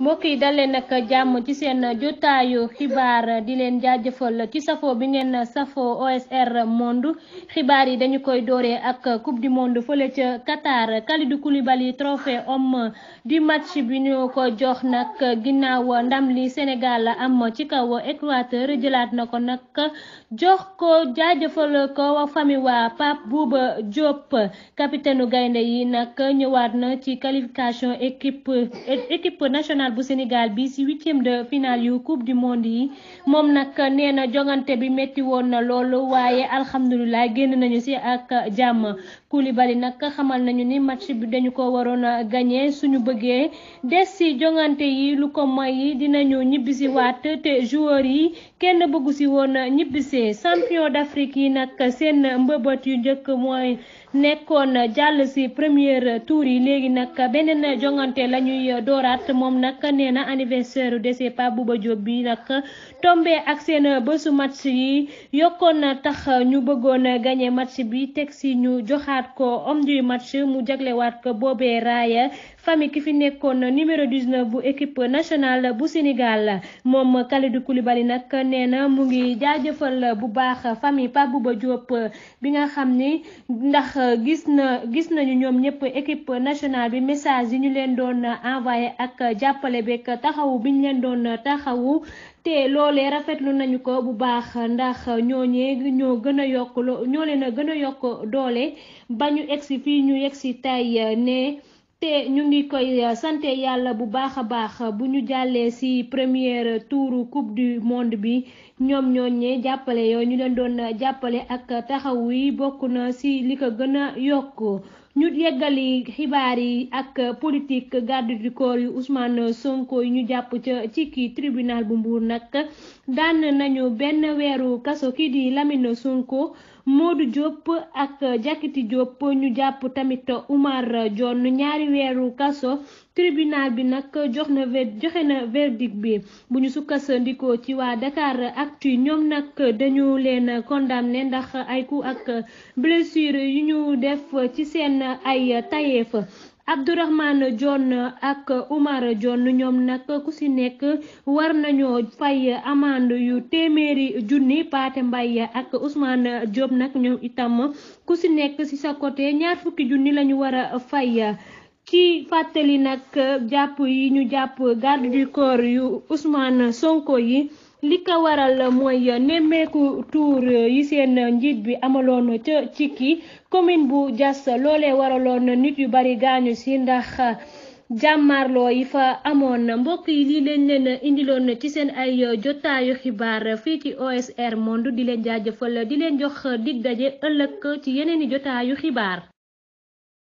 mbokk yi dalee nag jàmm ci seen jotaayu xibaar di leen jaajëfal ci safoo bi ngeen safoo OSR Monde xibaar yi dañu koy dooree ak coupe du monde fële ca Qatar Kalidou Koulibaly trophée homme du match bi ñu ko jox nag ginnaaw ndam li Sénégal am ci kaw Équateur jëlaat na ko nag jox ko jaajëfal ko famille waa Pape Bouba Diop capitaine gaynde yi nag ñëwaat na ci qualification équipe équipe nationale. national bu Sénégal bi ci huitième de finale yu coupe du monde yi moom nag nee na jongante bi métti woon na loolu waaye alhamdulilah génn nañu ci ak jàmm Koulibaly nag xamal nañu ni match bi dañu ko waroon a gagné suñu bëggee des ci jongante yi lu ko may dinañu ñibbisi waat te joueurs yi kenn bëggu ci woon ñibbisee champion d'Afrique yi nag seen mbëbët yu njëkk mooy nekkoon jàll ci premier tour yi léegi nag beneen jongante la dooraat moom nag nag nee na anniversaire décès Pape Bouba Diop bi nag tombé ak seen bésu match yi yokkoon na tax ñu bëggoon gagné match bi teg si ñu joxaat ko homme du match mu jaglewaat ko boobee raaya famille ki fi nekkoon numéro 19 bu équipe national bu Sénégal moom Kalidou Koulibaly nag nee na mu ngi jaajëfal bu baax famille Pape Bouba Diop bi nga xam ni ndax gis na gis nañu ñoom ñëpp équipe national bi message yi ñu leen doon envoyé ak jàpp jàppale beeg taxawu biñ leen doon taxawu te loolee rafetlu nañu ko bu baax ndax ñooñee ñoo gën a yokk ñoo leen a gën a yokk doole ba ñu egsi fii ñu egsi tay ne te ñu ngi koy sante yàlla bu baax a baax bu ñu jàllee ci première tour coupe du monde bi ñoom ñooñee jàppale yow ñu leen doon jàppale ak taxawu yi bokk na ci li ko gën a yokk ñu yeggali xibaar yi ak politique garde du corps yu Ousmane Sonko yi ñu jàpp ca ci ki tribunal bu Mbour nag daan nañu benn weeru kaso kii di Lamine Sonko Modou Diop ak Jakiti Diop ñu jàpp tamit Oumar Dione ñaari weeru kaso tribunal bi nag jox na joxe na verdict bi bu ñu sukkandikoo ci waa Dakar Actu ñoom nag dañu leen condamné ndax ay coups ak blessure yu ñu def ci seen ay tayeef Abdourahmane Dione ak Oumar Dione ñoom nag ku ci nekk war nañoo fay amande yu téeméeri junni Pathé Mbaye ak Ousmane Diop nag ñoom itam ku ci nekk ci sa côté ñaar fukki junni lañu war a fay ci fàttali nag jàpp yi ñu jàpp garde du yu Ousmane Sonko yi li ko waral mooy nemmeeku tuur yi seen njiit bi amaloon ca Cikki commune bu Diass loolee waraloon nit yu bari gaañu si ndax jàmmarloo yi fa amoon na mbokk yi lii leen leen indiloon ci seen ay jotaayu xibaar fii ci OSR Monde di leen jaajëfal di leen jox dig daje ëllëg ci yeneen i jotaayu xibaar.